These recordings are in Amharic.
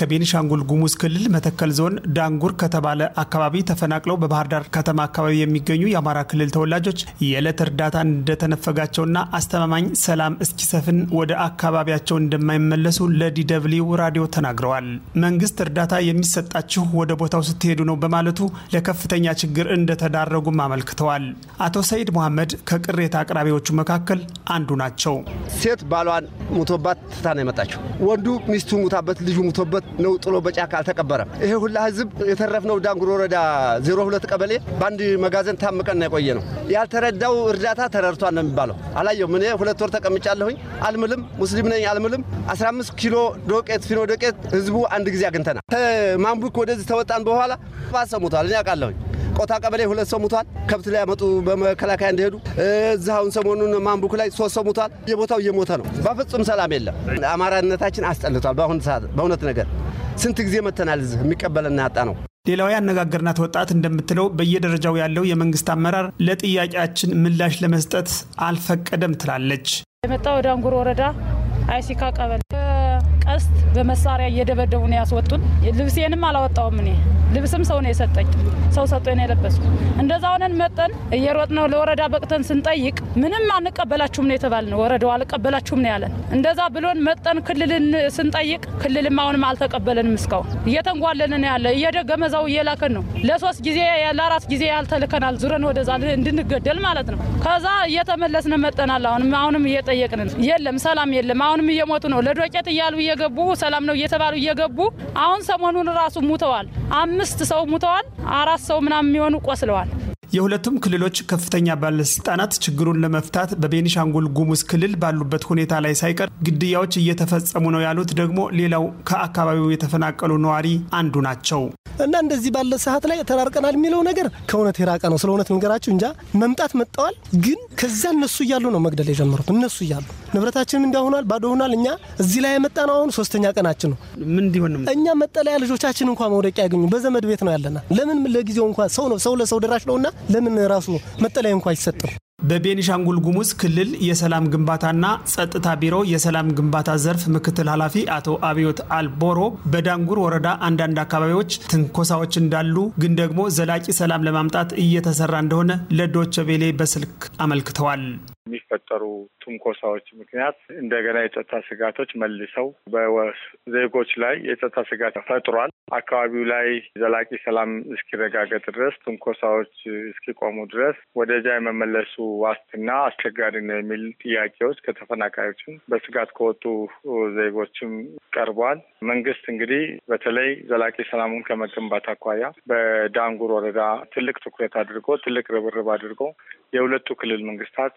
ከቤኒሻንጉል ጉሙዝ ክልል መተከል ዞን ዳንጉር ከተባለ አካባቢ ተፈናቅለው በባህር ዳር ከተማ አካባቢ የሚገኙ የአማራ ክልል ተወላጆች የዕለት እርዳታ እንደተነፈጋቸውና አስተማማኝ ሰላም እስኪሰፍን ወደ አካባቢያቸው እንደማይመለሱ ለዲደብሊው ራዲዮ ተናግረዋል። መንግስት እርዳታ የሚሰጣችሁ ወደ ቦታው ስትሄዱ ነው በማለቱ ለከፍተኛ ችግር እንደተዳረጉም አመልክተዋል። አቶ ሰይድ መሐመድ ከቅሬታ አቅራቢዎቹ መካከል አንዱ ናቸው። ሴት ባሏን ሙቶባት ትታ ነው የመጣቸው። ወንዱ ሚስቱ ሙታበት፣ ልጁ ሙቶበት ነው ጥሎ በጫካ አልተቀበረም። ይሄ ሁላ ህዝብ የተረፍነው ዳንጉር ወረዳ 02 ቀበሌ በአንድ መጋዘን ታምቀና የቆየ ነው። ያልተረዳው እርዳታ ተረድቷል ነው የሚባለው። አላየሁም። እኔ ሁለት ወር ተቀምጫለሁኝ። አልምልም፣ ሙስሊም ነኝ አልምልም። 15 ኪሎ ዶቄት፣ ፊኖ ዶቄት ህዝቡ አንድ ጊዜ አግኝተናል። ማንቡክ ወደዚህ ተወጣን በኋላ ባሰሙታል። እኔ አውቃለሁኝ ቆታ ቀበሌ ሁለት ሰው ሙቷል። ከብት ላይ ያመጡ በመከላከያ እንደሄዱ እዚህ አሁን ሰሞኑን ማንቡክ ላይ ሶስት ሰው ሙቷል። የቦታው እየሞተ ነው። በፍጹም ሰላም የለም። አማራነታችን አስጠልቷል። በአሁኑ ሰዓት በእውነት ነገር ስንት ጊዜ መተናል። እዚህ የሚቀበለና ያጣ ነው። ሌላው ያነጋገርናት ወጣት እንደምትለው በየደረጃው ያለው የመንግስት አመራር ለጥያቄያችን ምላሽ ለመስጠት አልፈቀደም ትላለች። የመጣ ወደ አንጉር ወረዳ አይሲካ ቀበሌ ቀስት በመሳሪያ እየደበደቡ ነው ያስወጡን። ልብሴንም አላወጣውም እኔ ልብስም ሰው ነው የሰጠኝ። ሰው ሰጦ ነው የለበስኩ። እንደዛ ሆነን መጠን እየሮጥ ነው ለወረዳ በቅተን ስንጠይቅ ምንም አንቀበላችሁም ነው የተባልነው። ወረዳው አልቀበላችሁም ነው ያለን። እንደዛ ብሎን መጠን ክልልን ስንጠይቅ ክልልም አሁንም አልተቀበለንም። እስካሁን እየተንጓለን ነው ያለ። እየደገመዛው እየላከን ነው። ለሶስት ጊዜ ለአራት ጊዜ ያልተልከናል ዙረን ወደዛ እንድንገደል ማለት ነው። ከዛ እየተመለስን መጠናል። አሁንም አሁንም እየጠየቅን የለም፣ ሰላም የለም። አሁንም እየሞቱ ነው። ለዶቄት እያሉ እየገቡ ሰላም ነው እየተባሉ እየገቡ አሁን ሰሞኑን ራሱ ሙተዋል። አምስት ሰው ሙተዋል፣ አራት ሰው ምናምን የሚሆኑ ቆስለዋል። የሁለቱም ክልሎች ከፍተኛ ባለስልጣናት ችግሩን ለመፍታት በቤኒሻንጉል ጉሙዝ ክልል ባሉበት ሁኔታ ላይ ሳይቀር ግድያዎች እየተፈጸሙ ነው ያሉት ደግሞ ሌላው ከአካባቢው የተፈናቀሉ ነዋሪ አንዱ ናቸው። እና እንደዚህ ባለ ሰዓት ላይ ተራርቀናል የሚለው ነገር ከእውነት የራቀ ነው። ስለ እውነት ንገራችሁ እንጃ መምጣት መጠዋል፣ ግን ከዛ እነሱ እያሉ ነው መግደል የጀመሩት። እነሱ እያሉ ንብረታችንም እንዳሆኗል ባዶ ሆኗል። እኛ እዚህ ላይ የመጣ ነው አሁን ሶስተኛ ቀናችን ነው። ምን እንዲሆን እኛ መጠለያ ልጆቻችን እንኳ መውደቂያ ያገኙ በዘመድ ቤት ነው ያለና ለምን ለጊዜው እንኳ ሰው ነው ሰው ለሰው ደራሽ ነውና ለምን ራሱ መጠለያ እንኳ አይሰጥም? በቤኒሻንጉል ጉሙዝ ክልል የሰላም ግንባታና ጸጥታ ቢሮ የሰላም ግንባታ ዘርፍ ምክትል ኃላፊ አቶ አብዮት አልቦሮ በዳንጉር ወረዳ አንዳንድ አካባቢዎች ትንኮሳዎች እንዳሉ ግን ደግሞ ዘላቂ ሰላም ለማምጣት እየተሰራ እንደሆነ ለዶቸ በስልክ አመልክተዋል። በተፈጠሩ ትንኮሳዎች ምክንያት እንደገና የጸጥታ ስጋቶች መልሰው በዜጎች ላይ የጸጥታ ስጋት ፈጥሯል። አካባቢው ላይ ዘላቂ ሰላም እስኪረጋገጥ ድረስ፣ ትንኮሳዎች እስኪቆሙ ድረስ ወደዚያ የመመለሱ ዋስትና አስቸጋሪ ነው የሚል ጥያቄዎች ከተፈናቃዮችም በስጋት ከወጡ ዜጎችም ቀርቧል። መንግስት እንግዲህ በተለይ ዘላቂ ሰላሙን ከመገንባት አኳያ በዳንጉር ወረዳ ትልቅ ትኩረት አድርጎ ትልቅ ርብርብ አድርጎ የሁለቱ ክልል መንግስታት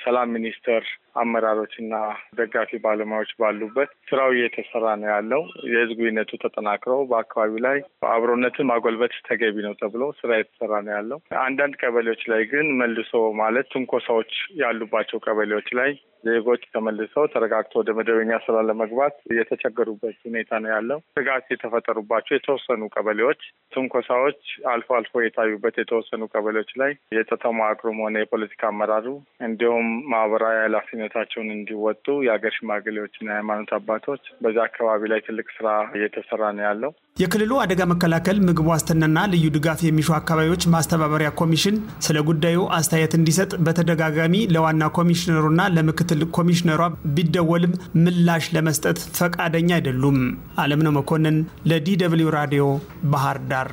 የሰላም ሚኒስቴር አመራሮችና ደጋፊ ባለሙያዎች ባሉበት ስራው እየተሰራ ነው ያለው። የህዝብ ተጠናክሮ በአካባቢው ላይ አብሮነትን ማጎልበት ተገቢ ነው ተብሎ ስራ እየተሰራ ነው ያለው። አንዳንድ ቀበሌዎች ላይ ግን መልሶ ማለት ትንኮሳዎች ያሉባቸው ቀበሌዎች ላይ ዜጎች ተመልሰው ተረጋግቶ ወደ መደበኛ ስራ ለመግባት የተቸገሩበት ሁኔታ ነው ያለው። ስጋት የተፈጠሩባቸው የተወሰኑ ቀበሌዎች ትንኮሳዎች አልፎ አልፎ የታዩበት የተወሰኑ ቀበሌዎች ላይ የጸጥታ መዋቅሩም ሆነ የፖለቲካ አመራሩ እንዲሁም ማህበራዊ ኃላፊነታቸውን እንዲወጡ የሀገር ሽማግሌዎችና የሃይማኖት አባቶች በዛ አካባቢ ላይ ትልቅ ስራ እየተሰራ ነው ያለው። የክልሉ አደጋ መከላከል ምግብ ዋስትናና ልዩ ድጋፍ የሚሹ አካባቢዎች ማስተባበሪያ ኮሚሽን ስለ ጉዳዩ አስተያየት እንዲሰጥ በተደጋጋሚ ለዋና ኮሚሽነሩና ለምክትል ኮሚሽነሯ ቢደወልም ምላሽ ለመስጠት ፈቃደኛ አይደሉም። አለምነው መኮንን ለዲ ደብልዩ ራዲዮ ባህር ዳር